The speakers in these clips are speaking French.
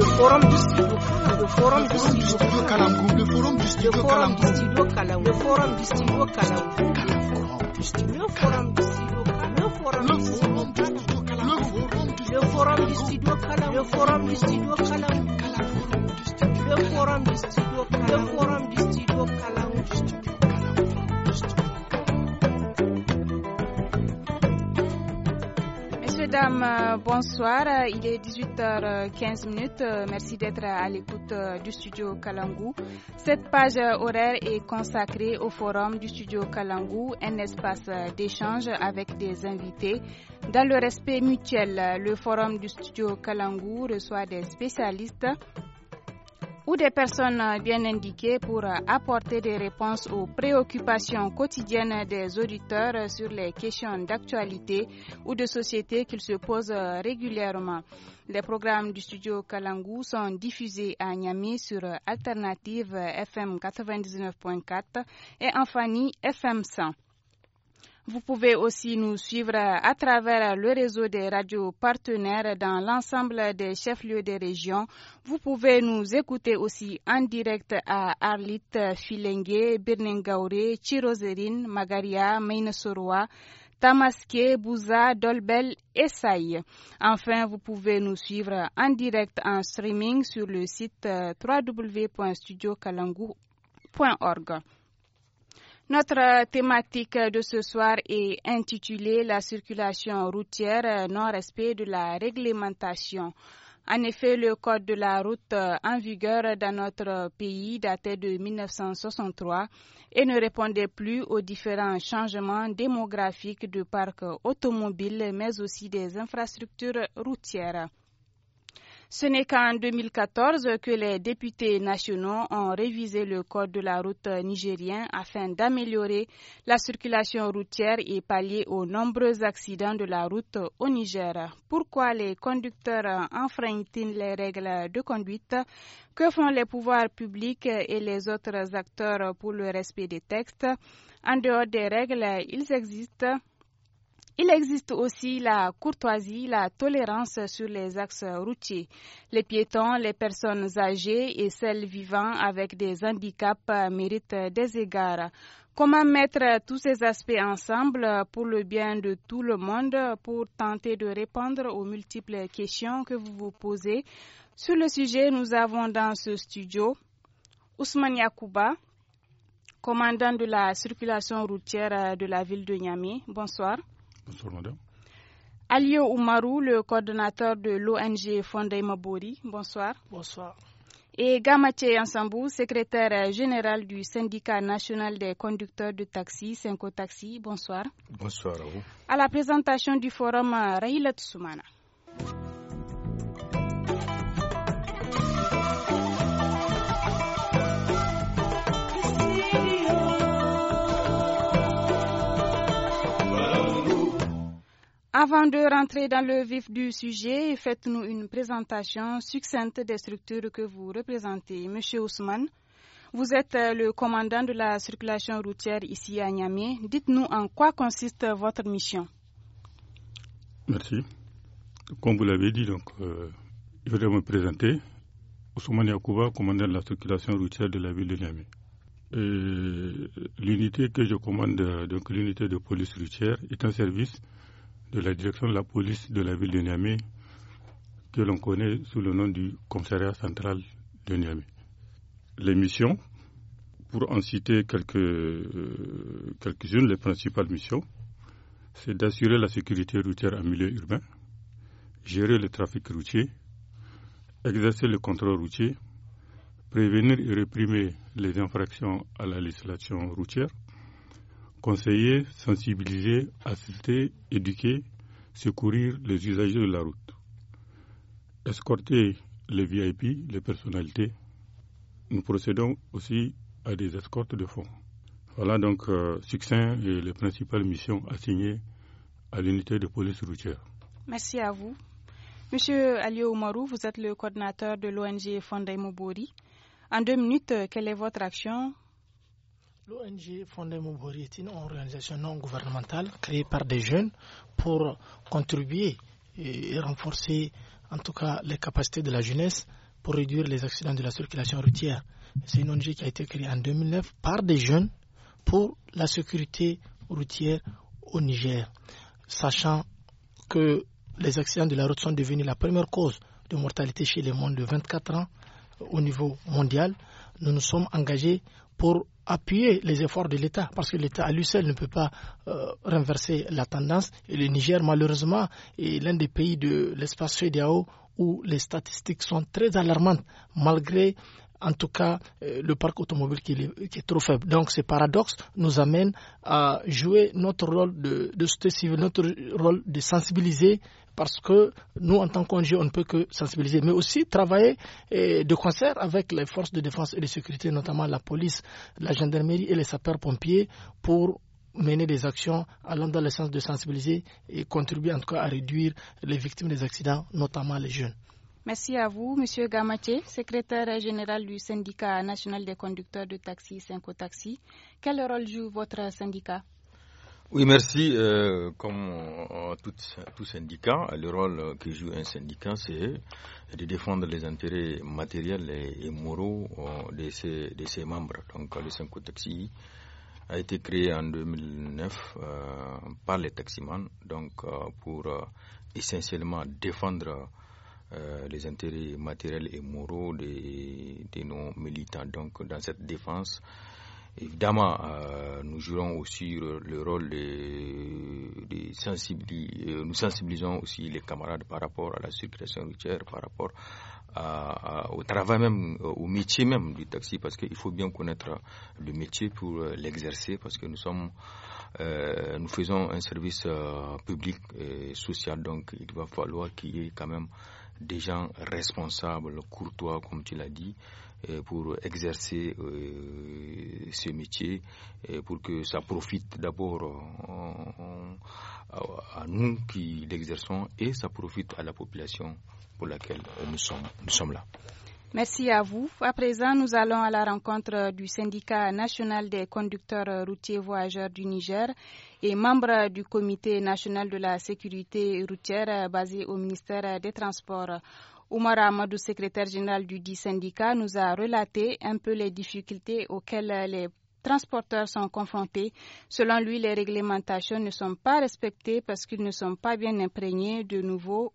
le forum du forum, le forum du studio Kalamkou le forum du studio Kalamkou le forum du studio Kalamkou le forum du studio Kalamkou le forum du studio Kalamkou le forum du studio Kalamkou le forum du studio Kalamkou le forum du studio Kalamkou le forum du studio Kalamkou Madame, euh, bonsoir. Il est 18h15. Merci d'être à l'écoute euh, du studio Kalangu. Cette page euh, horaire est consacrée au forum du studio Kalangu, un espace d'échange avec des invités. Dans le respect mutuel, le forum du studio Kalangu reçoit des spécialistes ou des personnes bien indiquées pour apporter des réponses aux préoccupations quotidiennes des auditeurs sur les questions d'actualité ou de société qu'ils se posent régulièrement. Les programmes du studio Kalangu sont diffusés à Niamey sur Alternative FM 99.4 et en Fanny FM 100. Vous pouvez aussi nous suivre à travers le réseau des radios partenaires dans l'ensemble des chefs-lieux des régions. Vous pouvez nous écouter aussi en direct à Arlit, Filengue, Birningaure, Chirozerine, Magaria, Mainesoroa, Tamaské, Bouza, Dolbel et Saï. Enfin, vous pouvez nous suivre en direct en streaming sur le site euh, www.studiocalangou.org. Notre thématique de ce soir est intitulée La circulation routière, non-respect de la réglementation. En effet, le code de la route euh, en vigueur dans notre pays datait de 1963 et ne répondait plus aux différents changements démographiques du parc automobile, mais aussi des infrastructures routières. Ce n'est qu'en 2014 que les députés nationaux ont révisé le code de la route nigérien afin d'améliorer la circulation routière et pallier aux nombreux accidents de la route au Niger. Pourquoi les conducteurs enfreignent-ils les règles de conduite Que font les pouvoirs publics et les autres acteurs pour le respect des textes En dehors des règles, ils existent il existe aussi la courtoisie, la tolérance sur les axes routiers. Les piétons, les personnes âgées et celles vivant avec des handicaps méritent des égards. Comment mettre tous ces aspects ensemble pour le bien de tout le monde, pour tenter de répondre aux multiples questions que vous vous posez Sur le sujet, nous avons dans ce studio Ousmane Yakouba, commandant de la circulation routière de la ville de Niamey. Bonsoir. Bonsoir, madame. Alio Oumarou, le coordonnateur de l'ONG Fonday Mabori. Bonsoir. Bonsoir. Et Gamache Ansambou, secrétaire général du syndicat national des conducteurs de taxi, Cinco Taxi. Bonsoir. Bonsoir à vous. À la présentation du forum, Rahilat Soumana. Avant de rentrer dans le vif du sujet, faites-nous une présentation succincte des structures que vous représentez. Monsieur Ousmane, vous êtes euh, le commandant de la circulation routière ici à Niamey. Dites-nous en quoi consiste votre mission. Merci. Comme vous l'avez dit, euh, je voudrais me présenter. Ousmane Yakouba, commandant de la circulation routière de la ville de Niamey. Euh, l'unité que je commande, donc l'unité de police routière, est un service de la direction de la police de la ville de Niamey, que l'on connaît sous le nom du commissariat central de Niamey. Les missions, pour en citer quelques, euh, quelques-unes, les principales missions, c'est d'assurer la sécurité routière en milieu urbain, gérer le trafic routier, exercer le contrôle routier, prévenir et réprimer les infractions à la législation routière, conseiller, sensibiliser, assister, éduquer, secourir les usagers de la route, escorter les VIP, les personnalités. Nous procédons aussi à des escortes de fonds. Voilà donc euh, succinct les principales missions assignées à l'unité de police routière. Merci à vous. Monsieur Alio vous êtes le coordinateur de l'ONG Fonday Mobori. En deux minutes, euh, quelle est votre action L'ONG Fondé Moubori est une organisation non gouvernementale créée par des jeunes pour contribuer et renforcer en tout cas les capacités de la jeunesse pour réduire les accidents de la circulation routière. C'est une ONG qui a été créée en 2009 par des jeunes pour la sécurité routière au Niger, sachant que les accidents de la route sont devenus la première cause de mortalité chez les moins de 24 ans au niveau mondial. Nous nous sommes engagés pour appuyer les efforts de l'État, parce que l'État à lui seul ne peut pas euh, renverser la tendance. Et le Niger, malheureusement, est l'un des pays de l'espace CEDEAO où les statistiques sont très alarmantes, malgré en tout cas euh, le parc automobile qui, est trop faible. Donc ces paradoxes nous amène à jouer notre rôle de notre rôle de sensibiliser parce que nous, en tant qu'ONG, on ne peut que sensibiliser, mais aussi travailler eh, de concert avec les forces de défense et de sécurité, notamment la police, la gendarmerie et les sapeurs-pompiers, pour mener des actions allant dans le sens de sensibiliser et contribuer en tout cas à réduire les victimes des accidents, notamment les jeunes. Merci à vous, Monsieur Gamache, secrétaire général du syndicat national des conducteurs de taxi, Cinco Quel rôle joue votre syndicat oui, merci. Euh, comme euh, tout, syndicat, le rôle que joue un syndicat, c'est de défendre les intérêts matériels et, moraux euh, de, ses, membres. Donc, le Synco Taxi a été créé en 2009 par les taximans, donc pour essentiellement défendre les intérêts matériels et moraux des de, nos militants. Donc, dans cette défense, Évidemment, euh, nous jouons aussi le, rôle de, euh, nous sensibilisons aussi les camarades par rapport à la circulation routière, par rapport au travail même, euh, au métier même du taxi, parce qu'il faut bien connaître le métier pour l'exercer, parce que nous faisons un service public et social, donc il va falloir qu'il y ait quand même des gens responsables, courtois, comme tu l'as dit, euh, pour exercer euh, ce métier, euh, pour que ça profite d'abord à nous qui l'exerçons et ça profite à la population pour laquelle nous sommes, là. Merci à vous. À présent, nous allons à la rencontre du syndicat national des conducteurs routiers voyageurs du Niger et membre du comité national de la sécurité routière basé au ministère des Transports. Oumara Amadou, secrétaire général du dit syndicat, nous a relaté un peu les difficultés auxquelles les transporteurs sont confrontés. Selon lui, les réglementations ne sont pas respectées parce qu'ils ne sont pas bien imprégnés du nouveau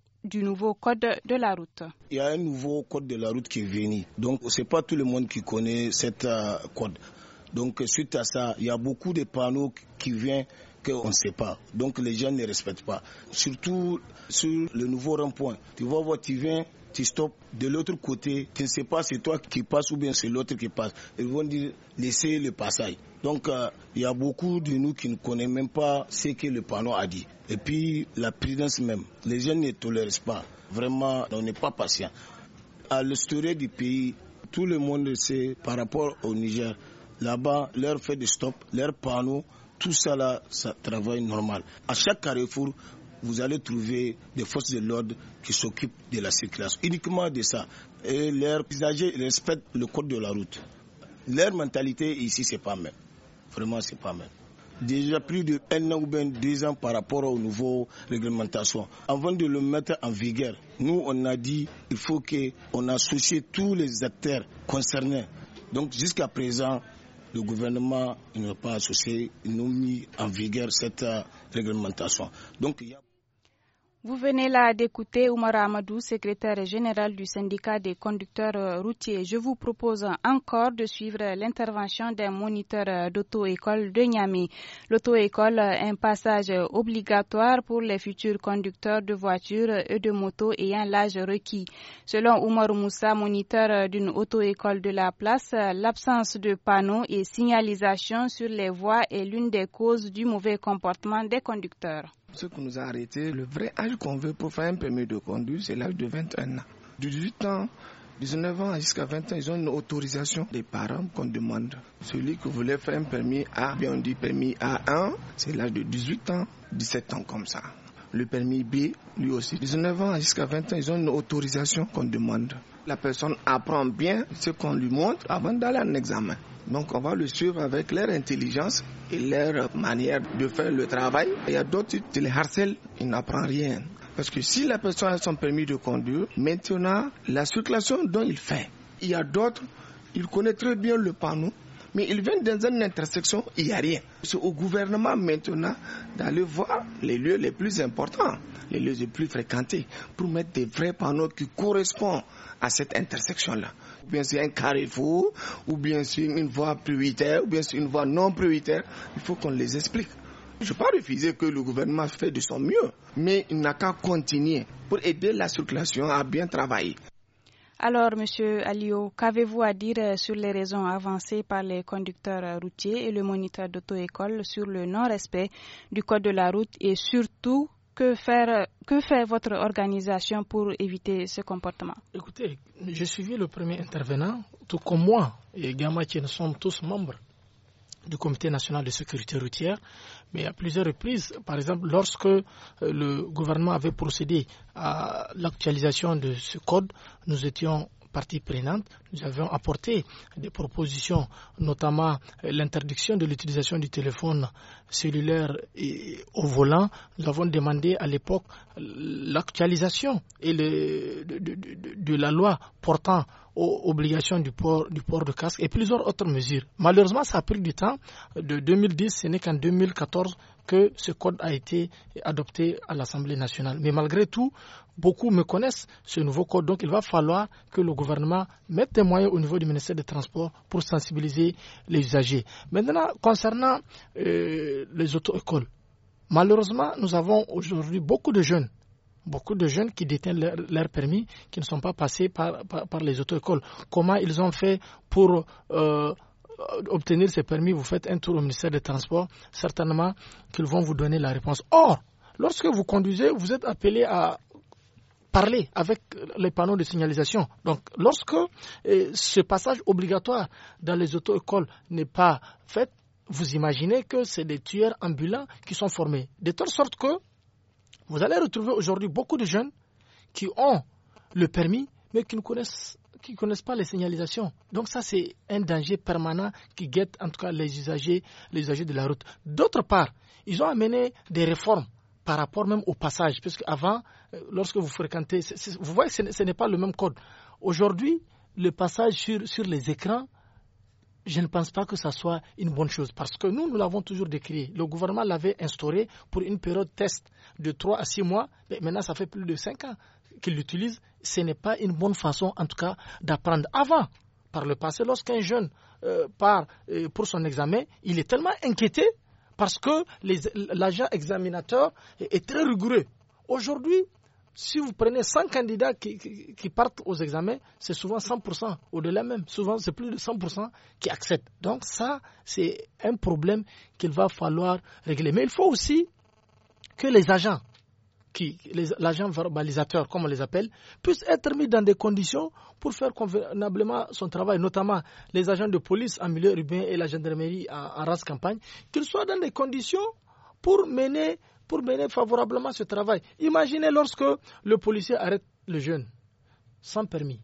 code de la route. Il y a un nouveau code de la route qui est venu. Donc, ce n'est pas tout le monde qui connaît cette euh, code. Donc, suite à ça, il y a beaucoup de panneaux qui viennent qu'on ne sait pas. Donc, les gens ne respectent pas. Surtout sur le nouveau rond-point. Tu vois, voir, tu viens, tu stoppes. De l'autre côté, tu ne sais pas c'est toi qui passes ou bien c'est l'autre qui passe. Ils vont dire laissez le passage. Donc euh, il y a beaucoup de nous qui ne connaissent même pas ce que le panneau a dit. Et puis la prudence même. Les jeunes ne tolèrent pas. Vraiment, on n'est pas patient. À l'histoire du pays, tout le monde sait par rapport au Niger. Là-bas, leur fait de stop, leur panneau, tout ça là, ça travaille normal. À chaque carrefour, vous allez trouver des forces de l'ordre qui s'occupent de la circulation, uniquement de ça. Et leurs usagers respectent le code de la route. Leur mentalité ici, c'est pas même. Vraiment, c'est pas même. Déjà plus de un an ou bien deux ans par rapport aux nouveaux réglementations. Avant de le mettre en vigueur, nous, on a dit il faut qu'on associe tous les acteurs concernés. Donc, jusqu'à présent, le gouvernement n'a pas associé, n'a mis en vigueur cette euh, réglementation. Donc, il y a vous venez là d'écouter Oumar Amadou, secrétaire général du syndicat des conducteurs euh, routiers. Je vous propose encore de suivre l'intervention d'un moniteur euh, d'auto-école de Niamey. L'auto-école, euh, un passage obligatoire pour les futurs conducteurs de voitures et de motos ayant l'âge requis. Selon Oumar Moussa, moniteur d'une auto-école de la place, l'absence de panneaux et signalisation sur les voies est l'une des causes du mauvais comportement des conducteurs ce qui nous a arrêté, le vrai âge qu'on veut pour faire un permis de conduire, c'est l'âge de 21 ans. De 18 ans 19 ans jusqu'à 20 ans, ils ont une autorisation des parents qu'on demande. Celui qui voulait faire un permis A, bien on dit permis A1, c'est l'âge de 18 ans, 17 ans comme ça le permis B, lui aussi. 19 ans jusqu'à 20 ans, ils ont une autorisation qu'on demande. La personne apprend bien ce qu'on lui montre avant d'aller en examen. Donc on va le suivre avec leur intelligence et leur manière de faire le travail. Il y a d'autres qui les harcèlent, ils n'apprennent rien. Parce que si la personne a son permis de conduire, maintenant, la circulation dont il fait, il y a d'autres, il connaît très bien le panneau, mais ils viennent dans une intersection, il n'y a rien. C'est au gouvernement maintenant d'aller voir les lieux les plus importants, les lieux les plus fréquentés, pour mettre des vrais panneaux qui correspondent à cette intersection-là. Ou bien c'est un carrefour, ou bien sûr, une voie prioritaire, ou bien sûr, une voie non prioritaire. Il faut qu'on les explique. Je ne peux pas refuser que le gouvernement fait de son mieux, mais il n'a qu'à continuer pour aider la circulation à bien travailler. Alors, Monsieur Alio, qu'avez-vous à dire euh, sur les raisons avancées par les conducteurs euh, routiers et le moniteur d'auto-école sur le non-respect du code de la route et surtout que faire, euh, fait votre organisation pour éviter ce comportement Écoutez, je suivi le premier intervenant, tout comme moi et qui nous sommes tous membres du Comité national de sécurité routière, mais à plusieurs reprises, par exemple, lorsque euh, le gouvernement avait procédé à l'actualisation de ce code, nous étions partie prenante, nous avions apporté des propositions, notamment euh, l'interdiction de l'utilisation du téléphone cellulaire au volant. Nous avons demandé à l'époque euh, l'actualisation et de, la loi portant aux obligations du port, du port de casque et plusieurs autres mesures. Malheureusement, ça a pris du temps. De 2010, ce n'est qu'en 2014 que ce code a été adopté à l'Assemblée nationale. Mais malgré tout, beaucoup me connaissent ce nouveau code. Donc, il va falloir que le gouvernement mette des moyens au niveau du ministère des Transports pour sensibiliser les usagers. Maintenant, concernant euh, les auto-écoles, malheureusement, nous avons aujourd'hui beaucoup de jeunes beaucoup de jeunes qui détiennent leur, permis, qui ne sont pas passés par, les auto-écoles. Comment ils ont fait pour euh, obtenir ces permis Vous faites un tour au ministère des Transports, certainement qu'ils vont vous donner la réponse. Or, lorsque vous conduisez, vous êtes appelé à parler avec les panneaux de signalisation. Donc, lorsque euh, ce passage obligatoire dans les auto-écoles n'est pas fait, vous imaginez que c'est des tueurs ambulants qui sont formés. De telle sorte que vous allez retrouver aujourd'hui beaucoup de jeunes qui ont le permis, mais qui ne connaissent, pas les signalisations. Donc ça, c'est un danger permanent qui guette en tout cas les usagers, les usagers de la route. D'autre part, ils ont amené des réformes par rapport même au passage, puisque avant, euh, lorsque vous fréquentez, vous voyez que ce n'est pas le même code. Aujourd'hui, le passage sur les écrans, je ne pense pas que ça soit une bonne chose parce que nous, nous l'avons toujours décrit. Le gouvernement l'avait instauré pour une période test de 3 à 6 mois. Mais maintenant, ça fait plus de 5 ans qu'il l'utilise. Ce n'est pas une bonne façon, en tout cas, d'apprendre. Avant, par le passé, lorsqu'un jeune euh, part euh, pour son examen, il est tellement inquiété parce que l'agent examinateur est très rigoureux. Aujourd'hui, si vous prenez 100 candidats qui, partent aux examens, c'est souvent 100%, au-delà même. Souvent, c'est plus de 100% qui acceptent. Donc ça, c'est un problème qu'il va falloir régler. Mais il faut aussi que les agents, qui, les, l'agent verbalisateur, comme on les appelle, puissent être mis dans des conditions pour faire convenablement son travail, notamment les agents de police en milieu urbain et la gendarmerie en, en race campagne, qu'ils soient dans des conditions pour mener pour mener favorablement ce travail. Imaginez lorsque le policier arrête le jeune sans permis.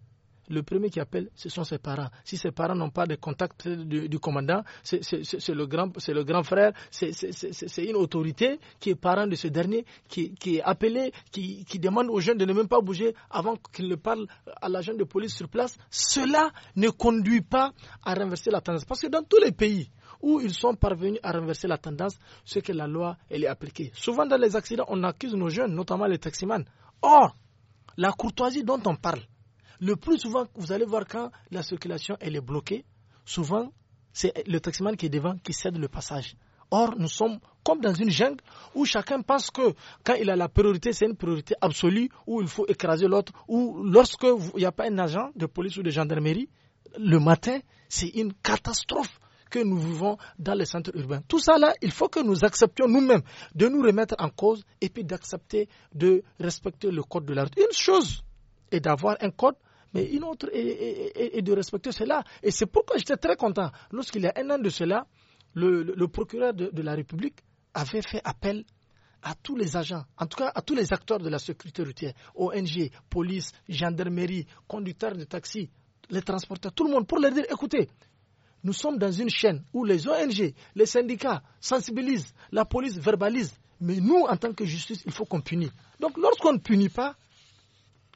Le premier qui appelle, ce sont ses parents. Si ses parents n'ont pas de contact du, commandant, c'est le, grand, le grand frère, c'est une autorité qui est parent de ce dernier, qui, est appelé, qui, demande aux jeunes de ne même pas bouger avant qu'il ne parle à l'agent de police sur place. Cela ne conduit pas à renverser la tendance. Parce que dans tous les pays, où ils sont parvenus à renverser la tendance, ce que la loi, elle est appliquée. Souvent dans les accidents, on accuse nos jeunes, notamment les taximans. Or, la courtoisie dont on parle, le plus souvent, vous allez voir quand la circulation, elle est bloquée, souvent, c'est le taximan qui est devant qui cède le passage. Or, nous sommes comme dans une jungle où chacun pense que quand il a la priorité, c'est une priorité absolue, où il faut écraser l'autre, où lorsqu'il n'y a pas un agent de police ou de gendarmerie, le matin, c'est une catastrophe que nous vivons dans les centres urbains. Tout ça là, il faut que nous acceptions nous-mêmes de nous remettre en cause et puis d'accepter de respecter le code de la route. Une chose est d'avoir un code mais une autre est, de respecter cela. Et c'est pourquoi j'étais très content. Lorsqu'il y a un an de cela, le, procureur de, la République avait fait appel à tous les agents, en tout cas à tous les acteurs de la sécurité routière, ONG, police, gendarmerie, conducteurs de taxi, les transporteurs, tout le monde, pour leur dire, écoutez, nous sommes dans une chaîne où les ONG, les syndicats sensibilisent, la police verbalise. Mais nous, en tant que justice, il faut qu'on punisse. Donc lorsqu'on ne punit pas,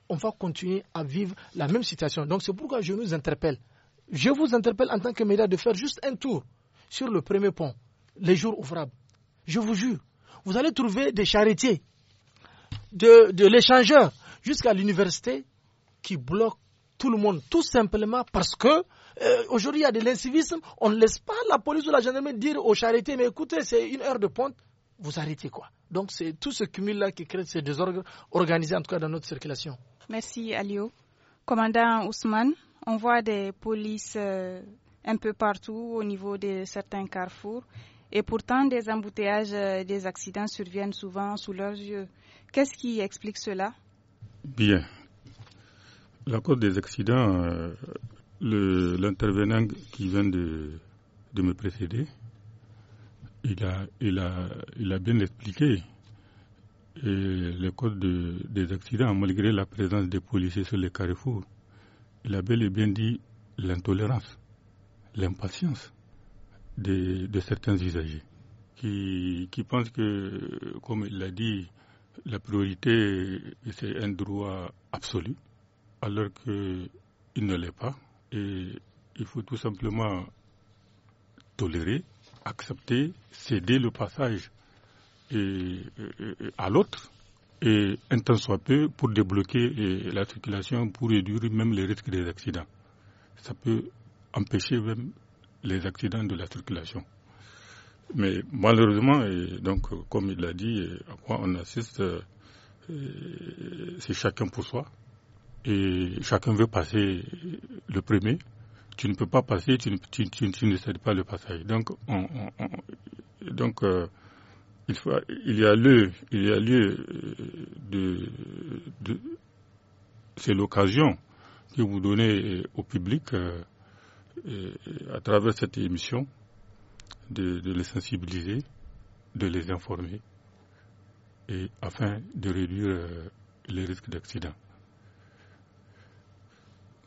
on va continuer à vivre la même situation. Donc c'est pourquoi je nous interpelle. Je vous interpelle en tant que média de faire juste un tour sur le premier pont, les jours ouvrables. Je vous jure, vous allez trouver des charretiers, de, l'échangeur jusqu'à l'université qui bloque tout le monde, tout simplement parce que euh, aujourd'hui il y a de l'incivisme, on ne laisse pas la police ou la gendarmerie dire aux charités, mais écoutez, c'est une heure de ponte, vous arrêtez quoi. Donc c'est tout ce cumul-là qui crée ces désordres organisés en tout cas dans notre circulation. Merci Alio. Commandant Ousmane, on voit des polices euh, un peu partout au niveau de certains carrefours et pourtant des embouteillages, euh, des accidents surviennent souvent sous leurs yeux. Qu'est-ce qui explique cela Bien, la cause des accidents, euh, l'intervenant qui vient de, me précéder, il a, bien expliqué et euh, les causes des accidents, malgré la présence des policiers sur les carrefours. Il a bel et bien dit l'intolérance, l'impatience de, certains usagers qui pensent que, comme il l'a dit, la priorité, c'est un droit absolu alors qu'il ne l'est pas. Et il faut tout simplement tolérer, accepter, céder le passage à l'autre, et un temps soit peu pour débloquer la circulation, pour réduire même les risques des accidents. Ça peut empêcher même les accidents de la circulation. Mais malheureusement, donc, comme il l'a dit, à quoi on assiste, c'est chacun pour soi et chacun veut passer le premier. Tu ne peux pas passer, tu ne, tu, cèdes pas le passage. Donc, donc euh, il, faut, il, y a lieu, il a lieu euh, de, c'est l'occasion que vous donnez euh, au public à travers cette émission de, les sensibiliser, de les informer et afin de réduire les risques d'accident.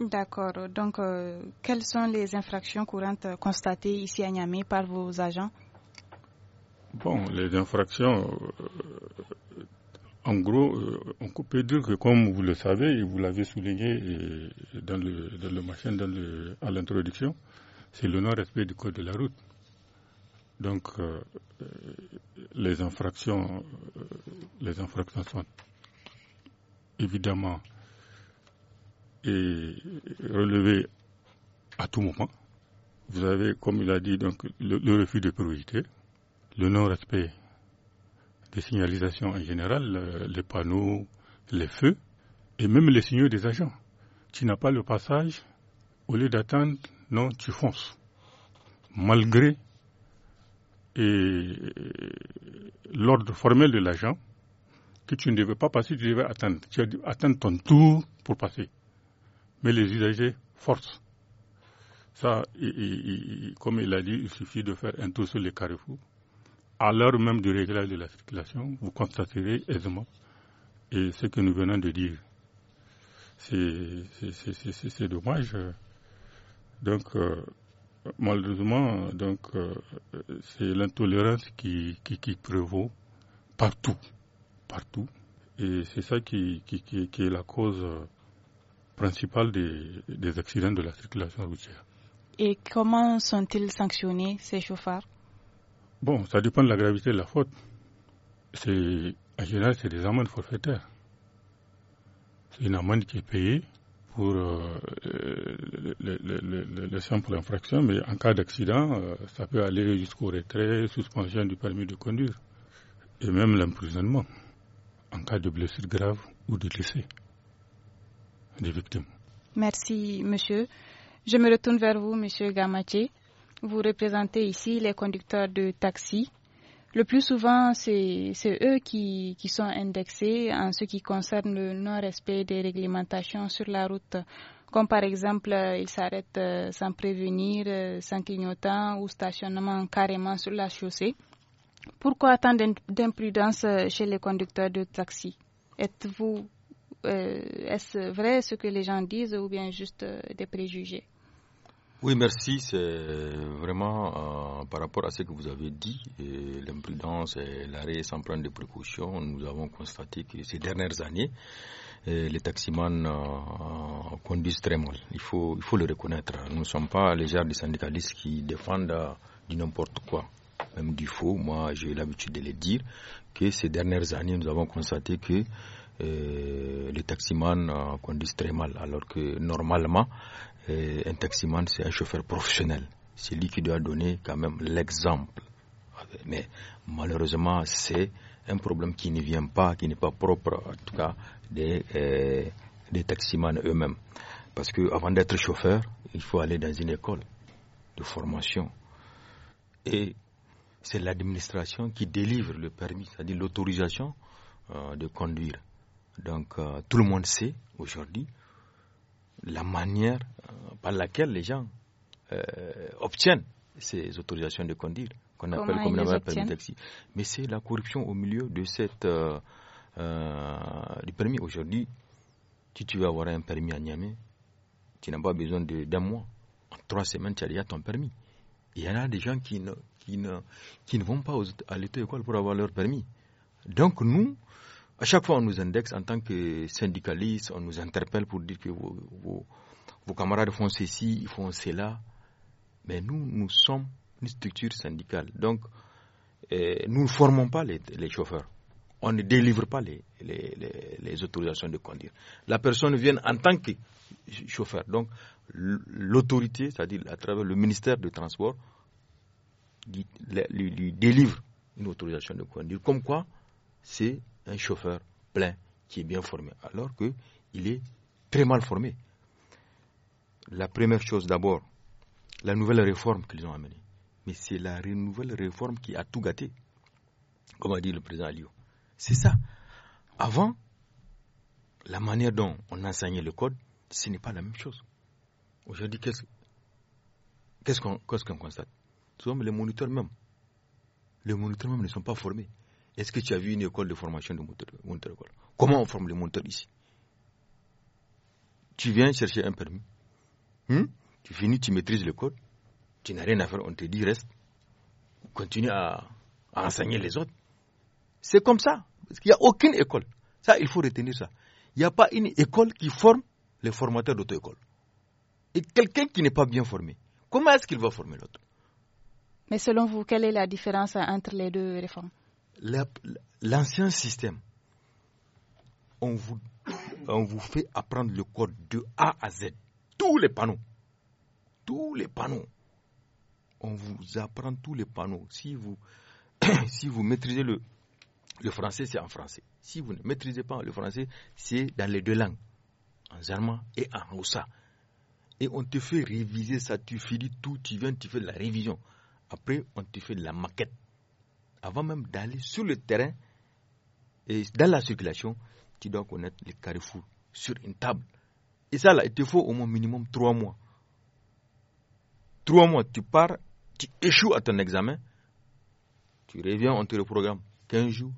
D'accord. Donc, euh, quelles sont les infractions courantes constatées ici à Niamey par vos agents Bon, les infractions, euh, en gros, euh, on peut dire que comme vous le savez et vous l'avez souligné dans le, dans le machin, dans à l'introduction, c'est le non-respect du code de la route. Donc, les infractions, les infractions sont évidemment et relevé à tout moment. Vous avez, comme il a dit, donc, le, refus de priorité, le non-respect des signalisations en général, euh, les panneaux, les feux, et même les signaux des agents. Tu n'as pas le passage, au lieu d'attendre, non, tu fonces. Malgré l'ordre formel de l'agent, que tu ne devais pas passer, tu devais attendre. Tu as attendre ton tour pour passer mais les usagers forcent. Ça, comme il a dit, il suffit de faire un tour sur les carrefours. À l'heure même du réglage de la circulation, vous constaterez aisément et ce que nous venons de dire. C'est dommage. Donc, euh, malheureusement, donc euh, c'est l'intolérance qui, qui, prévaut partout, partout. Et c'est ça qui, est la cause euh, principal des, accidents de la circulation routière. Et comment sont-ils sanctionnés, ces chauffards Bon, ça dépend de la gravité de la faute. C'est, en général, c'est des amendes forfaitaires. C'est une amende qui est payée pour euh, le, simple infraction, mais en cas d'accident, euh, ça peut aller jusqu'au retrait, suspension du permis de conduire, et même l'emprisonnement, en cas de blessure grave ou de décès. Merci, monsieur. Je me retourne vers vous, monsieur Gamache. Vous représentez ici les conducteurs de taxi. Le plus souvent, c'est eux qui, sont indexés en ce qui concerne le non-respect des réglementations sur la route. Comme par exemple, euh, ils s'arrêtent euh, sans prévenir, euh, sans clignotant ou stationnement carrément sur la chaussée. Pourquoi tant d'imprudence chez les conducteurs de taxi Êtes-vous euh, est-ce vrai ce que les gens disent ou bien juste euh, des préjugés oui, merci. C'est vraiment euh, par rapport à ce que vous avez dit, l'imprudence et l'arrêt sans prendre de précautions, nous avons constaté que ces dernières années, les taximans conduisent très mal. Il faut, il faut le reconnaître. Nous ne sommes pas les gens des syndicalistes qui défendent du n'importe quoi, même du faux. Moi, j'ai l'habitude de le dire, que ces dernières années, nous avons constaté que euh, les taximans conduisent euh, très mal, alors que normalement, euh, un taximan, c'est un chauffeur professionnel. C'est lui qui doit donner quand même l'exemple. Mais malheureusement, c'est un problème qui ne vient pas, qui n'est pas propre, en tout cas, des, euh, des taximans eux-mêmes. Parce qu'avant d'être chauffeur, il faut aller dans une école de formation. Et c'est l'administration qui délivre le permis, c'est-à-dire l'autorisation de conduire. Donc euh, tout le monde sait aujourd'hui la manière euh, par laquelle les gens euh, obtiennent ces autorisations de conduire, qu'on appelle comme le permis de taxi. Mais c'est la corruption au milieu de cette, du permis. Aujourd'hui, si tu veux avoir un permis à Niamey, tu n'as pas besoin d'un mois. En trois semaines, tu as déjà ton permis. Il y en a des gens qui ne, qui ne, vont pas aux, à l'école pour avoir leur permis. Donc nous, à chaque fois, on nous indexe en tant que syndicalistes, on nous interpelle pour dire que vos, camarades font ceci, ils font cela. Mais nous, nous sommes une structure syndicale. Donc, eh, nous ne formons pas les, chauffeurs. On ne délivre pas les, autorisations de conduire. La personne vient en tant que chauffeur. Donc, l'autorité, c'est-à-dire à travers le ministère de Transport, lui, délivre une autorisation de conduire. Comme quoi, c'est un chauffeur plein qui est bien formé, alors qu'il est très mal formé. La première chose d'abord, la nouvelle réforme qu'ils ont amenée. Mais c'est la nouvelle réforme qui a tout gâté, comme a dit le président Alio. C'est ça. Avant, la manière dont on enseignait le code, ce n'est pas la même chose. Aujourd'hui, qu'est-ce qu'on constate Nous sommes les moniteurs même. Les moniteurs même ne sont pas formés. Est-ce que tu as vu une école de formation de monteur Comment on forme les monteurs ici Tu viens chercher un permis. Hmm tu finis, tu maîtrises le code. Tu n'as rien à faire, on te dit reste. Continue à, enseigner les autres. C'est comme ça. Parce qu'il n'y a aucune école. Ça, il faut retenir ça. Il n'y a pas une école qui forme les formateurs d'auto-école. Et quelqu'un qui n'est pas bien formé, comment est-ce qu'il va former l'autre Mais selon vous, quelle est la différence entre les deux réformes l'ancien système, on vous, on vous fait apprendre le code de A à Z. Tous les panneaux. Tous les panneaux. On vous apprend tous les panneaux. Si vous, si vous maîtrisez le, le français, c'est en français. Si vous ne maîtrisez pas le français, c'est dans les deux langues, en allemand et en russa. Et on te fait réviser ça, tu finis tout, tu viens, tu fais la révision. Après, on te fait la maquette avant même d'aller sur le terrain et dans la circulation, tu dois connaître les carrefours sur une table. Et ça, il te faut au moins minimum trois mois. Trois mois, tu pars, tu échoues à ton examen, tu reviens, on te programme, 15 jours,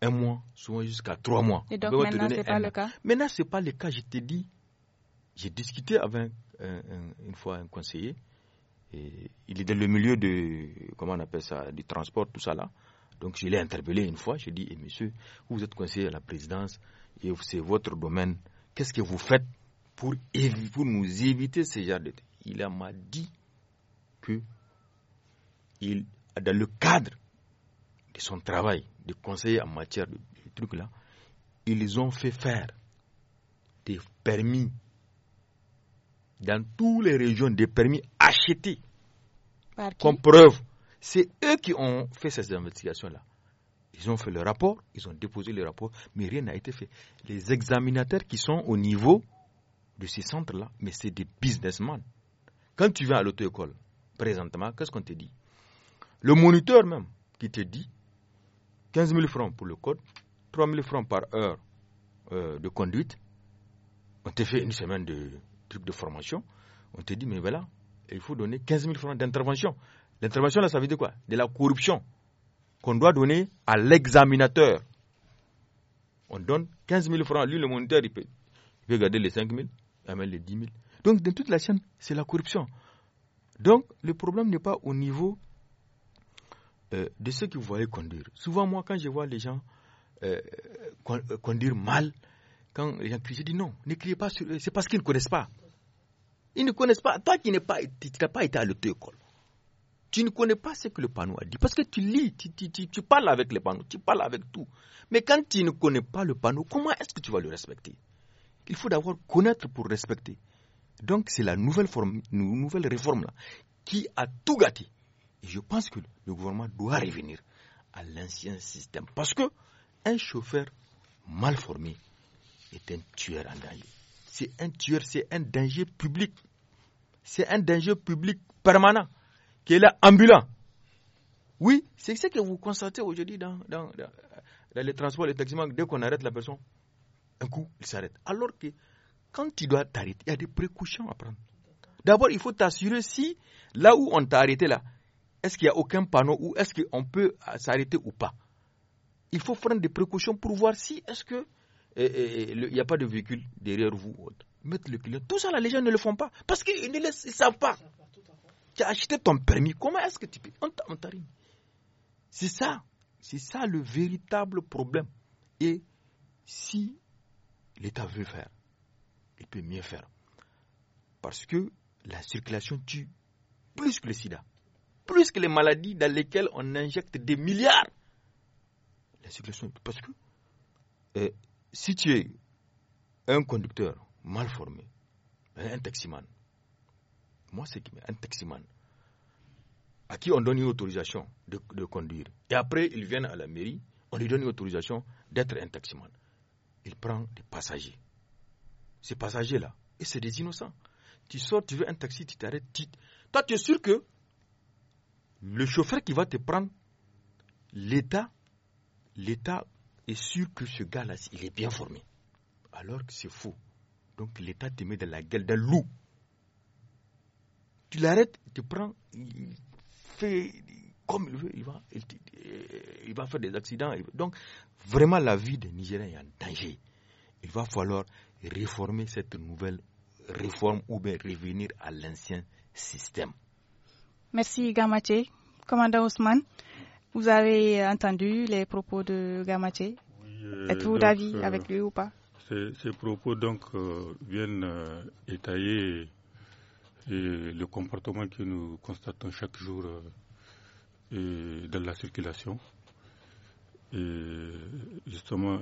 un mois, souvent jusqu'à trois mois. Et donc maintenant, ce n'est pas le cas Maintenant, ce pas le cas. Je t'ai dit, j'ai discuté avec une fois un conseiller il est dans le milieu de, comment on appelle ça, du transport, tout ça là. Donc je l'ai interpellé une fois, je dit, eh, monsieur, vous êtes conseiller à la présidence et c'est votre domaine, qu'est-ce que vous faites pour, nous éviter ce genre de... Il m'a dit que il, dans le cadre de son travail de conseiller en matière de, de trucs là, ils ont fait faire des permis dans toutes les régions des permis achetés comme preuve. C'est eux qui ont fait ces investigations-là. Ils ont fait le rapport, ils ont déposé le rapport, mais rien n'a été fait. Les examinateurs qui sont au niveau de ces centres-là, mais c'est des businessmen. Quand tu vas à l'auto-école, présentement, qu'est-ce qu'on te dit Le moniteur même qui te dit 15 000 francs pour le code, 3 000 francs par heure euh, de conduite, on te fait une semaine de, truc de formation, on te dit, mais voilà, il faut donner 15 000 francs d'intervention. L'intervention, là, ça veut dire quoi De la corruption qu'on doit donner à l'examinateur. On donne 15 000 francs. Lui, le moniteur, il peut, il garder les 5 000, amène les 10 000. Donc, dans toute la chaîne, c'est la corruption. Donc, le problème n'est pas au niveau euh, de ceux qui vous voyez conduire. Souvent, moi, quand je vois les gens euh, euh, conduire mal, quand les gens crient, je dis non, ne criez pas, c'est parce qu'ils ne connaissent pas. Ils ne connaissent pas. Toi qui n'as pas, été à l'auto-école, tu ne connais pas ce que le panneau a dit. Parce que tu lis, tu, parles avec le panneau, tu parles avec tout. Mais quand tu ne connais pas le panneau, comment est-ce que tu vas le respecter Il faut d'abord connaître pour respecter. Donc c'est la nouvelle, réforme qui a tout gâté. Et je pense que le gouvernement doit revenir à l'ancien système. Parce que un chauffeur mal formé est un tueur en danger c'est un tueur, c'est un danger public. C'est un danger public permanent qui est là, ambulant. Oui, c'est ce que vous constatez aujourd'hui dans, les transports, les taxis. Dès qu'on arrête la personne, un coup, il s'arrête. Alors que quand tu dois t'arrêter, il y a des précautions à prendre. D'abord, il faut t'assurer si là où on t'a arrêté là, est-ce qu'il n'y a aucun panneau ou est-ce qu'on peut s'arrêter ou pas. Il faut prendre des précautions pour voir si est-ce que il n'y a pas de véhicule derrière vous. Mettre le client. Tout ça, là, les gens ne le font pas. Parce qu'ils ne le savent pas. Tu as acheté ton permis. Comment est-ce que tu peux On t'arrive. C'est ça. C'est ça le véritable problème. Et si l'État veut faire, il peut mieux faire. Parce que la circulation tue plus que le sida, plus que les maladies dans lesquelles on injecte des milliards. La circulation, parce que euh, si tu es un conducteur mal formé, ben, un taximan, moi c'est un taximan à qui on donne une autorisation de, conduire. Et après, ils viennent à la mairie, on lui donne une autorisation d'être un taximan. Il prend des passagers. Ces passagers-là, et c'est des innocents. Tu sors, tu veux un taxi, tu t'arrêtes, Toi, tu es sûr que le chauffeur qui va te prendre, l'État, l'État est sûr que ce gars-là, il est bien formé. Alors que c'est faux. Donc l'État te met dans la gueule d'un loup. Tu l'arrêtes, tu prends, il fait comme il veut, il va, faire des accidents. Donc vraiment la vie des Nigériens est en danger. Il va falloir réformer cette nouvelle réforme ou bien revenir à l'ancien système. Merci Gamache. Commandant Ousmane. Vous avez entendu les propos de Gamache Êtes-vous d'avis euh, avec lui ou pas ces, propos donc euh, viennent euh, étayer le comportement que nous constatons chaque jour dans la circulation. Et justement,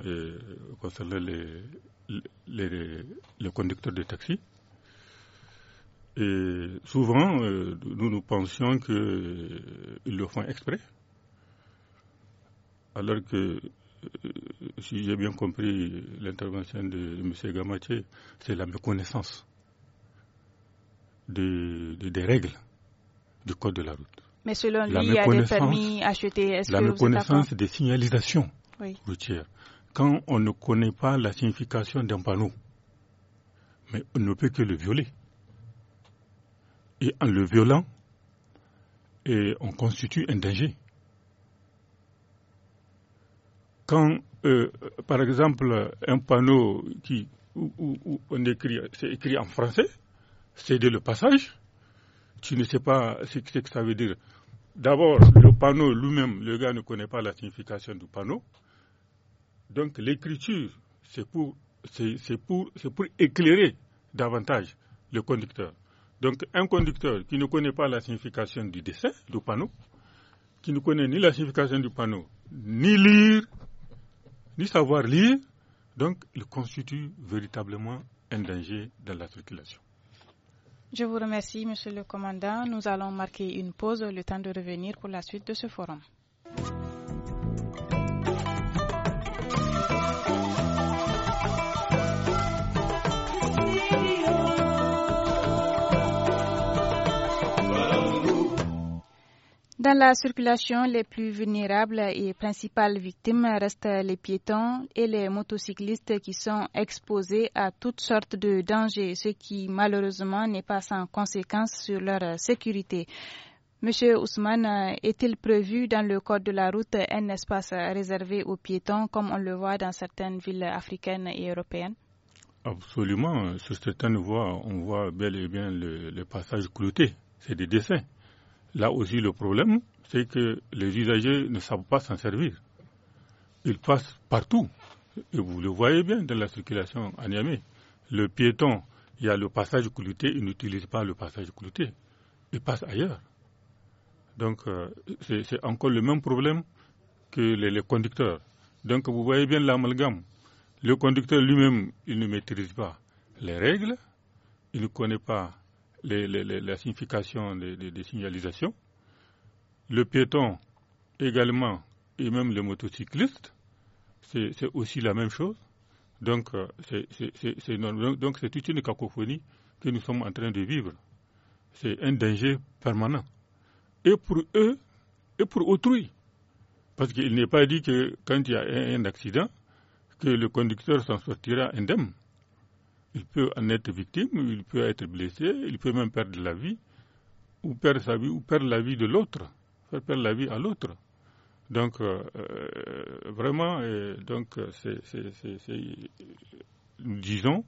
concernant les, conducteurs de taxi. Et souvent, nous nous pensions qu'ils le font exprès alors que, euh, si j'ai bien compris l'intervention de M. Gamache, c'est la méconnaissance des règles du code de la route. Mais selon lui, il y a des permis achetés. La méconnaissance des signalisations routières. Quand on ne connaît pas la signification d'un panneau, mais on ne peut que le violer. Et en le violant, on constitue un danger quand, euh, par exemple, un panneau qui, où, on écrit, c'est écrit en français, c'est de le passage, tu ne sais pas ce que, ça veut dire. D'abord, le panneau lui-même, le gars ne connaît pas la signification du panneau. Donc l'écriture, c'est pour, c'est pour, pour éclairer davantage le conducteur. Donc un conducteur qui ne connaît pas la signification du dessin, du panneau, qui ne connaît ni la signification du panneau, ni lire, ni savoir lire, donc il constitue véritablement un danger dans la circulation. Je vous remercie, Monsieur le Commandant. Nous allons marquer une pause, le temps de revenir pour la suite de ce forum. Dans la circulation, les plus vulnérables et principales victimes restent les piétons et les motocyclistes qui sont exposés à toutes sortes de dangers, ce qui malheureusement n'est pas sans conséquence sur leur sécurité. Monsieur Ousmane, est-il prévu dans le code de la route un espace réservé aux piétons comme on le voit dans certaines villes africaines et européennes Absolument. Sur certaines voies, on voit bel et bien le, le passage clouté. C'est des dessins là aussi le problème, c'est que les usagers ne savent pas s'en servir. Ils passent partout. Et vous le voyez bien dans la circulation à Le piéton, il y a le passage clouté, il n'utilise pas le passage clouté. Il passe ailleurs. Donc, euh, c'est encore le même problème que les, les, conducteurs. Donc, vous voyez bien l'amalgame. Le conducteur lui-même, il ne maîtrise pas les règles, il ne connaît pas la signification des, signalisations, le piéton également, et même le motocycliste, c'est aussi la même chose. Euh, donc, c'est toute une cacophonie que nous sommes en train de vivre. C'est un danger permanent. Et pour eux, et pour autrui. Parce qu'il n'est pas dit que quand il y a un accident, que le conducteur s'en sortira indemne. Il peut en être victime, il peut être blessé, il peut même perdre la vie, ou perdre sa vie, ou perdre la vie de l'autre, faire perdre la vie à l'autre. Donc, euh, euh, vraiment, euh, donc, disons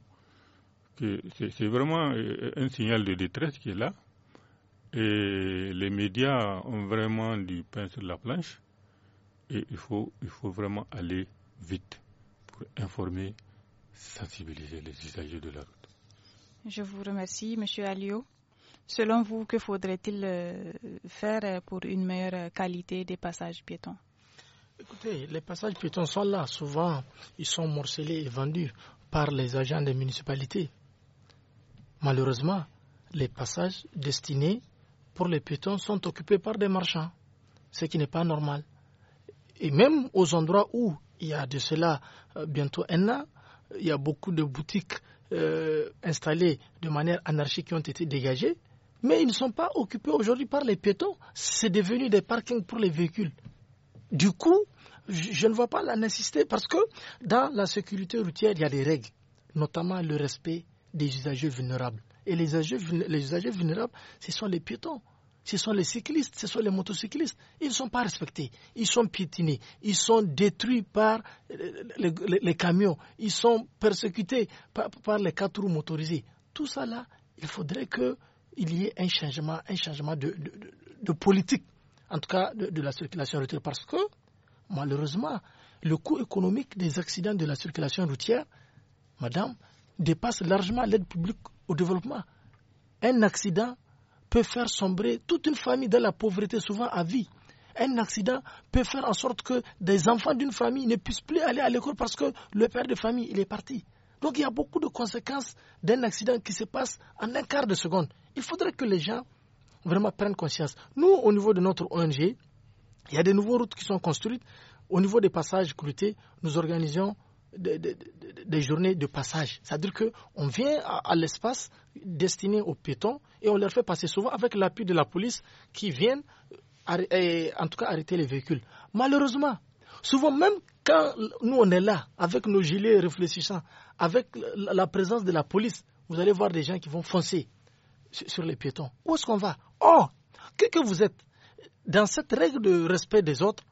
que c'est, vraiment un signal de détresse qui est là. Et les médias ont vraiment du pain sur la planche. Et il faut, il faut vraiment aller vite pour informer sensibiliser les usagers de la route. Je vous remercie, Monsieur Alliot. Selon vous, que faudrait-il euh, faire pour une meilleure qualité des passages piétons Écoutez, les passages piétons sont là. Souvent, ils sont morcelés et vendus par les agents des municipalités. Malheureusement, les passages destinés pour les piétons sont occupés par des marchands, ce qui n'est pas normal. Et même aux endroits où il y a de cela euh, bientôt un an, il y a beaucoup de boutiques euh, installées de manière anarchique qui ont été dégagées, mais ils ne sont pas occupés aujourd'hui par les piétons. C'est devenu des parkings pour les véhicules. Du coup, je ne vois pas la nécessité parce que dans la sécurité routière, il y a des règles, notamment le respect des usagers vulnérables. Et les usagers vulnérables, ce sont les piétons ce sont les cyclistes, ce sont les motocyclistes. Ils ne sont pas respectés. Ils sont piétinés. Ils sont détruits par euh, les, camions. Ils sont persécutés par, les quatre roues motorisées. Tout ça là, il faudrait qu'il y ait un changement, un changement de politique, en tout cas de, la circulation routière, parce que malheureusement, le coût économique des accidents de la circulation routière, madame, dépasse largement l'aide publique au développement. Un accident peut faire sombrer toute une famille dans la pauvreté, souvent à vie. Un accident peut faire en sorte que des enfants d'une famille ne puissent plus aller à l'école parce que le père de famille il est parti. Donc il y a beaucoup de conséquences d'un accident qui se passe en un quart de seconde. Il faudrait que les gens vraiment prennent conscience. Nous, au niveau de notre ONG, il y a des nouvelles routes qui sont construites. Au niveau des passages cruités, nous organisons des journées de passage. C'est-à-dire qu'on vient à, l'espace destiné aux piétons et on leur fait passer souvent avec l'appui de la police qui viennent en tout cas arrêter les véhicules. Malheureusement, souvent même quand nous on est là avec nos gilets réfléchissants, avec la présence de la police, vous allez voir des gens qui vont foncer sur les piétons. Où est-ce qu'on va oh, que vous êtes, dans cette règle de respect des autres,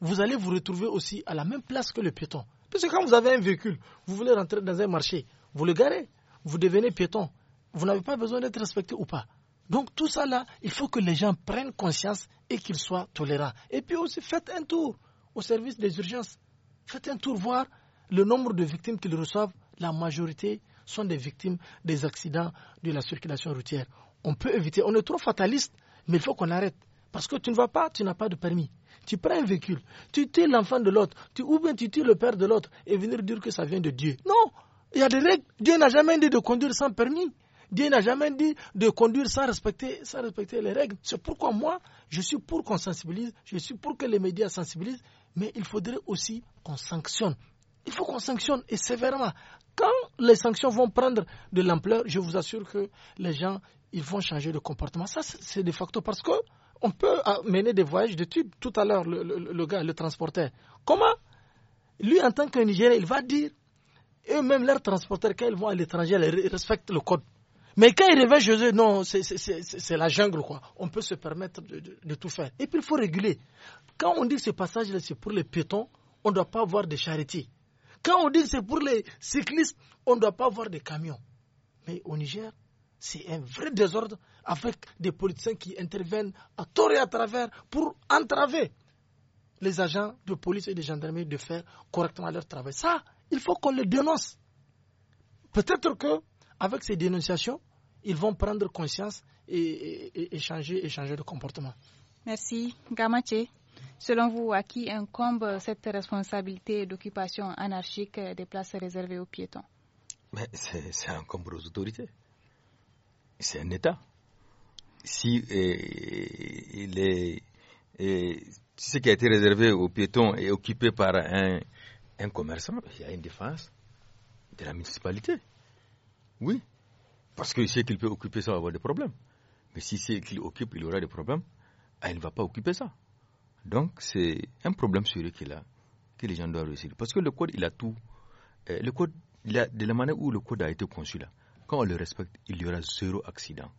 vous allez vous retrouver aussi à la même place que le piéton. Parce que quand vous avez un véhicule, vous voulez rentrer dans un marché, vous le garez, vous devenez piéton. Vous n'avez pas besoin d'être respecté ou pas. Donc tout ça là, il faut que les gens prennent conscience et qu'ils soient tolérants. Et puis aussi, faites un tour au service des urgences. Faites un tour voir le nombre de victimes qu'ils reçoivent. La majorité sont des victimes des accidents de la circulation routière. On peut éviter. On est trop fataliste, mais il faut qu'on arrête. Parce que tu ne vas pas, tu n'as pas de permis tu prends un véhicule, tu tues l'enfant de l'autre, tu, ou bien tu tues le père de l'autre et venir dire que ça vient de Dieu. Non, il y a des règles. Dieu n'a jamais dit de conduire sans permis. Dieu n'a jamais dit de conduire sans respecter, sans respecter les règles. C'est pourquoi moi, je suis pour qu'on sensibilise, je suis pour que les médias sensibilisent, mais il faudrait aussi qu'on sanctionne. Il faut qu'on sanctionne et sévèrement. Quand les sanctions vont prendre de l'ampleur, je vous assure que les gens, ils vont changer de comportement. Ça, c'est de facto parce que on peut ah, mener des voyages de tube. Tout à l'heure, le, gars, le transporteur. Comment Lui, en tant que Nigérien, il va dire eux-mêmes, leurs transporteurs, quand ils vont à l'étranger, ils respectent le code. Mais quand ils reviennent chez eux, non, c'est la jungle, quoi. On peut se permettre de, tout faire. Et puis, il faut réguler. Quand on dit que ce passage-là, c'est pour les piétons, on ne doit pas avoir de charité. Quand on dit que c'est pour les cyclistes, on ne doit pas avoir de camions. Mais au Niger, c'est un vrai désordre avec des politiciens qui interviennent à tort et à travers pour entraver les agents de police et de gendarmerie de faire correctement leur travail. Ça, il faut qu'on les dénonce. Peut-être que avec ces dénonciations, ils vont prendre conscience et, changer, changer de comportement. Merci. Gamache, selon vous, à qui incombe cette responsabilité d'occupation anarchique des places réservées aux piétons Mais c'est incombe aux autorités. C'est un État si ce qui a été réservé aux piétons est occupé par un, commerçant, il y a une défense de la municipalité. Oui, parce qu'il sait qu'il peut occuper ça, va avoir des problèmes. Mais si c'est qu'il occupe, il aura des problèmes, ah, il ne va pas occuper ça. Donc c'est un problème sur qu'il a, que les gens doivent réussir. Parce que le code, il a tout. Euh, le code, de la manière où le code a été conçu quand on le respecte, il y aura zéro accident.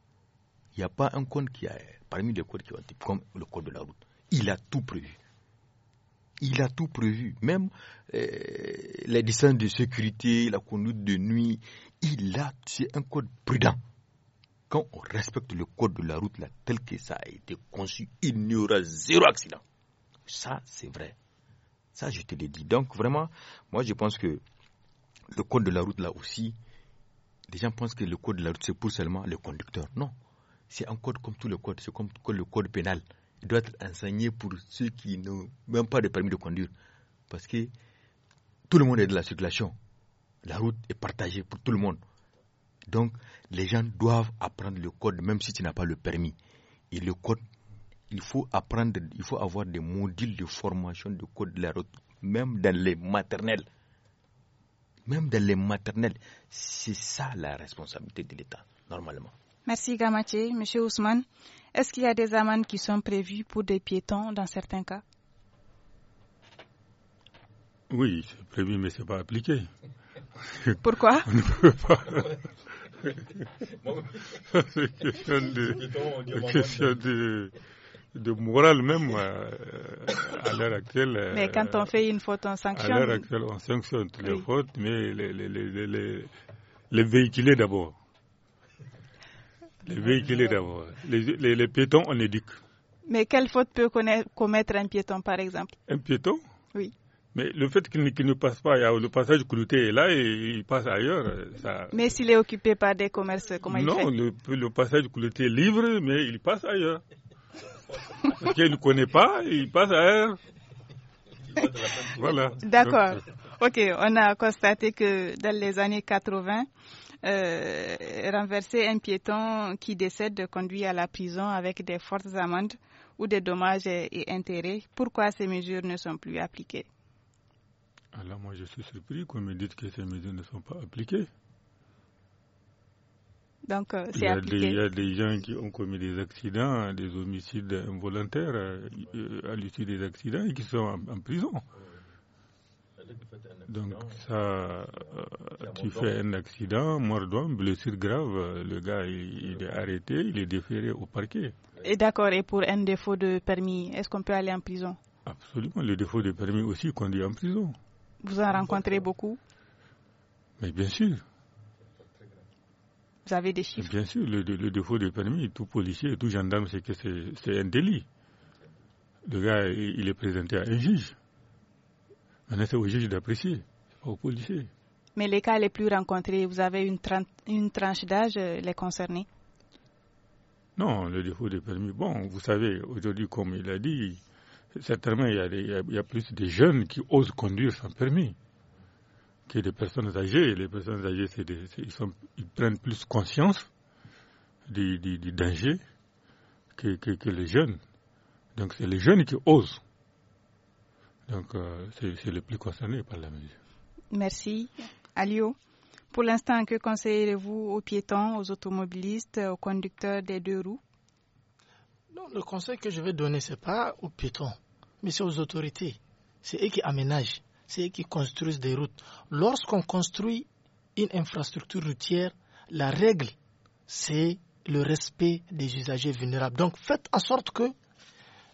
Il n'y a pas un code qui a, parmi les codes qui ont été, comme le code de la route, il a tout prévu. Il a tout prévu, même euh, les distances de sécurité, la conduite de nuit. Il a, c'est un code prudent. Quand on respecte le code de la route là, tel que ça a été conçu, il n'y aura zéro accident. Ça, c'est vrai. Ça, je te l'ai dit. Donc, vraiment, moi, je pense que le code de la route là aussi, les gens pensent que le code de la route, c'est pour seulement le conducteur. Non, c'est un code comme tout le code. c'est comme, le code pénal. Il doit être enseigné pour ceux qui n'ont même pas de permis de conduire. Parce que tout le monde est de la circulation. La route est partagée pour tout le monde. Donc, les gens doivent apprendre le code, même si tu n'as pas le permis. Et le code, il faut apprendre, il faut avoir des modules de formation de code de la route, même dans les maternelles. Même dans les maternelles. C'est ça la responsabilité de l'État, normalement. Merci Gamache. Monsieur Ousmane, est-ce qu'il y a des amendes qui sont prévues pour des piétons dans certains cas Oui, c'est prévu, mais ce n'est pas appliqué. Pourquoi On ne peut pas. c'est question de, question de, morale même euh, à l'heure actuelle. Euh, mais quand on fait une faute, on sanctionne. À l'heure actuelle, on sanctionne toutes les fautes, mais les, véhiculer d'abord. Les véhicules d'abord. Les, piétons, on éduque. Mais quelle faute peut commettre un piéton, par exemple Un piéton Oui. Mais le fait qu'il ne, passe pas, le passage clouté est là et il passe ailleurs. Mais s'il est occupé par des commerces, comment il fait Non, le, le, passage clouté est libre, mais il passe ailleurs. Parce qu'il ne connaît pas, il passe ailleurs. voilà. D'accord. Ok, on a constaté que dans les années 80, euh, renverser un piéton qui décède de conduire à la prison avec des fortes amendes ou des dommages et intérêts. Pourquoi ces mesures ne sont plus appliquées Alors moi je suis surpris qu'on me dise que ces mesures ne sont pas appliquées. Donc, euh, il, il, y a des, gens qui ont commis des accidents, des homicides involontaires euh, à l'issue des accidents et qui sont en prison. Donc ça, euh, tu fais un accident, mort d'homme, blessure grave, le gars il, est arrêté, il est déféré au parquet. Et d'accord, et pour un défaut de permis, est-ce qu'on peut aller en prison Absolument, le défaut de permis aussi conduit en prison. Vous en rencontrez beaucoup Mais bien sûr. Vous avez des chiffres Bien sûr, le, le défaut de permis, tout policier, tout gendarme, c'est que c'est un délit. Le gars, il est présenté à un juge. Maintenant, c'est au juge d'apprécier, pas aux policiers. Mais les cas les plus rencontrés, vous avez une, tranche d'âge euh, les concernés Non, le défaut des permis. Bon, vous savez, aujourd'hui, comme il a dit, certainement, il y a, plus de jeunes qui osent conduire sans permis que des personnes âgées. Les personnes âgées, ils, prennent plus conscience du, danger que les jeunes. Donc, c'est les jeunes qui osent donc, euh, c'est le plus concerné par la mesure. Merci. Alio, pour l'instant, que conseillez-vous aux piétons, aux automobilistes, aux conducteurs des deux roues non, Le conseil que je vais donner, ce n'est pas aux piétons, mais c'est aux autorités. C'est eux qui aménagent, c'est eux qui construisent des routes. Lorsqu'on construit une infrastructure routière, la règle, c'est le respect des usagers vulnérables. Donc faites en sorte que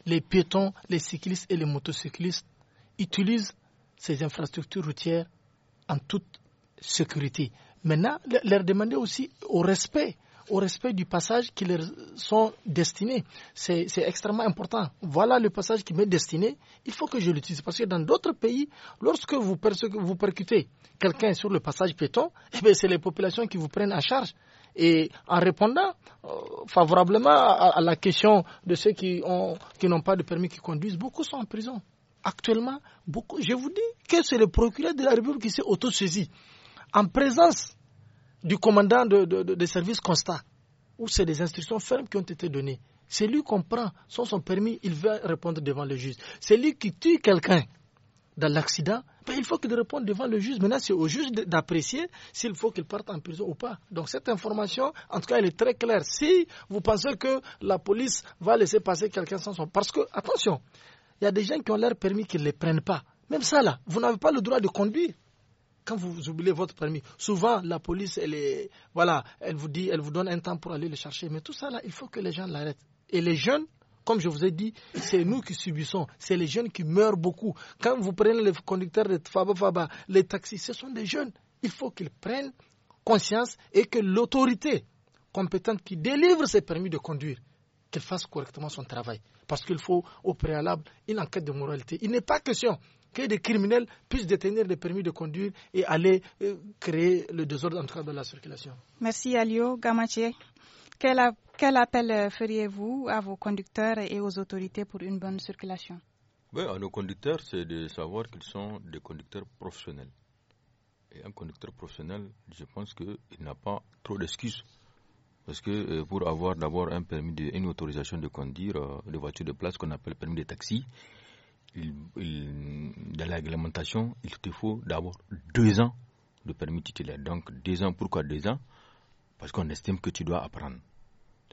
les piétons, les cyclistes et les motocyclistes utilisent ces infrastructures routières en toute sécurité. Maintenant, leur demander aussi au respect, au respect du passage qui leur sont destinés. C'est extrêmement important. Voilà le passage qui m'est destiné. Il faut que je l'utilise. Parce que dans d'autres pays, lorsque vous, percutez quelqu'un sur le passage piéton, eh c'est les populations qui vous prennent en charge. Et en répondant euh, favorablement à, la question de ceux qui n'ont qui pas de permis qui conduisent, beaucoup sont en prison actuellement, beaucoup, je vous dis que c'est le procureur de la République qui s'est auto-saisi en présence du commandant de, services de, service constat, où c'est des instructions fermes qui ont été données. C'est lui qu'on prend, sans son permis, il va répondre devant le juge. C'est lui qui tue quelqu'un dans l'accident, il faut qu'il réponde devant le juge. Maintenant, c'est au juge d'apprécier s'il faut qu'il parte en prison ou pas. Donc cette information, en tout cas, elle est très claire. Si vous pensez que la police va laisser passer quelqu'un sans son... Parce que, attention, il y a des gens qui ont leur permis qu'ils ne les prennent pas. Même ça, là, vous n'avez pas le droit de conduire. Quand vous oubliez votre permis, souvent la police, elle, est, voilà, elle vous dit, elle vous donne un temps pour aller le chercher. Mais tout ça, là, il faut que les gens l'arrêtent. Et les jeunes, comme je vous ai dit, c'est nous qui subissons. C'est les jeunes qui meurent beaucoup. Quand vous prenez les conducteurs de Faba Faba, les taxis, ce sont des jeunes. Il faut qu'ils prennent conscience et que l'autorité compétente qui délivre ces permis de conduire, qu'elle fasse correctement son travail. Parce qu'il faut au préalable une enquête de moralité. Il n'est pas question que des criminels puissent détenir des permis de conduire et aller euh, créer le désordre, en tout cas, dans la circulation. Merci, Alio Gamache. Quel, quel appel euh, feriez-vous à vos conducteurs et aux autorités pour une bonne circulation oui, À nos conducteurs, c'est de savoir qu'ils sont des conducteurs professionnels. Et un conducteur professionnel, je pense qu'il n'a pas trop d'excuses parce que euh, pour avoir d'abord un permis une autorisation de conduire de euh, voiture de place qu'on appelle permis de taxi, dans la réglementation, il te faut d'abord deux ans de permis titulaire. Donc deux ans, pourquoi deux ans Parce qu'on estime que tu dois apprendre.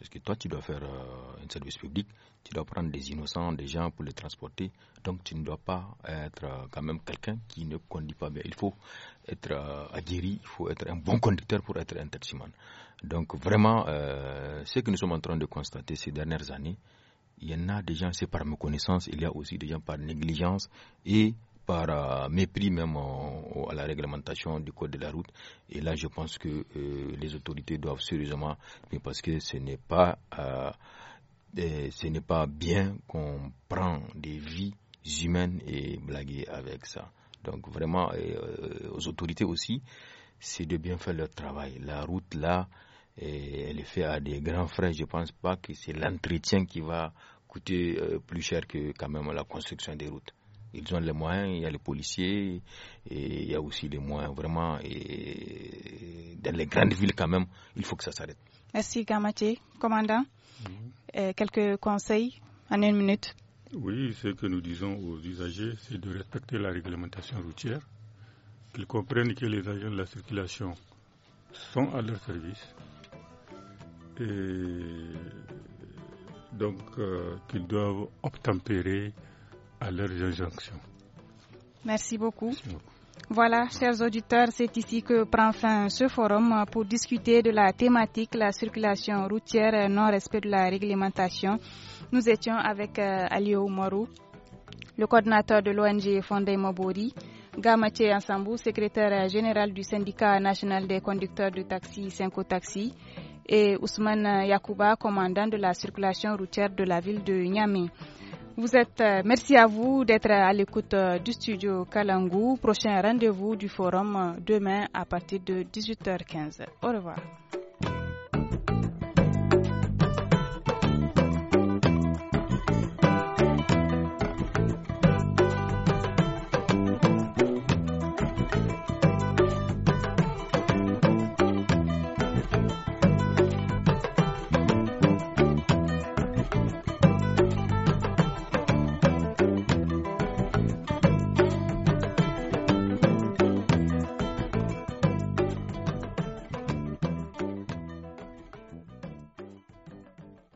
Parce que toi, tu dois faire euh, un service public, tu dois prendre des innocents, des gens pour les transporter. Donc, tu ne dois pas être euh, quand même quelqu'un qui ne conduit pas bien. Il faut être euh, aguerri, il faut être un bon conducteur pour être un taximan. Donc, vraiment, ce que nous sommes en train de constater ces dernières années, il y en a des gens, c'est par méconnaissance, il y a aussi des gens par négligence et par euh, mépris même à la réglementation du code de la route. Et là, je pense que euh, les autorités doivent sérieusement, parce que ce n'est pas, euh, ce n'est pas bien qu'on prend des vies humaines et blaguer avec ça. Donc vraiment, aux autorités aussi, c'est de bien faire leur travail. La route là, elle est faite à des grands frais. Je pense pas que c'est l'entretien qui va coûter plus cher que quand même la construction des routes. Ils ont les moyens, il y a les policiers, et il y a aussi les moyens vraiment. Et dans les grandes villes quand même, il faut que ça s'arrête. Merci Gamati, Commandant, mhm. euh, quelques conseils en une minute. Oui, ce que nous disons aux usagers, c'est de respecter la réglementation routière, qu'ils comprennent que les agents de la circulation sont à leur service et donc euh, qu'ils doivent obtempérer à leur Merci beaucoup. Voilà, chers auditeurs, c'est ici que prend fin ce forum pour discuter de la thématique la circulation routière et non-respect de la réglementation. Nous étions avec euh, Aliou Alio Morou, le coordinateur de l'ONG Fondé Mobori, Gamache Ansambou, secrétaire général du syndicat national des conducteurs de taxi Cinco Taxi, et Ousmane Yakuba, commandant de la circulation routière de la ville de Niamey. Euh, merci à vous d'être à l'écoute euh, du studio Kalangu. Prochain rendez-vous du forum euh, demain à partir de 18h15. Au revoir.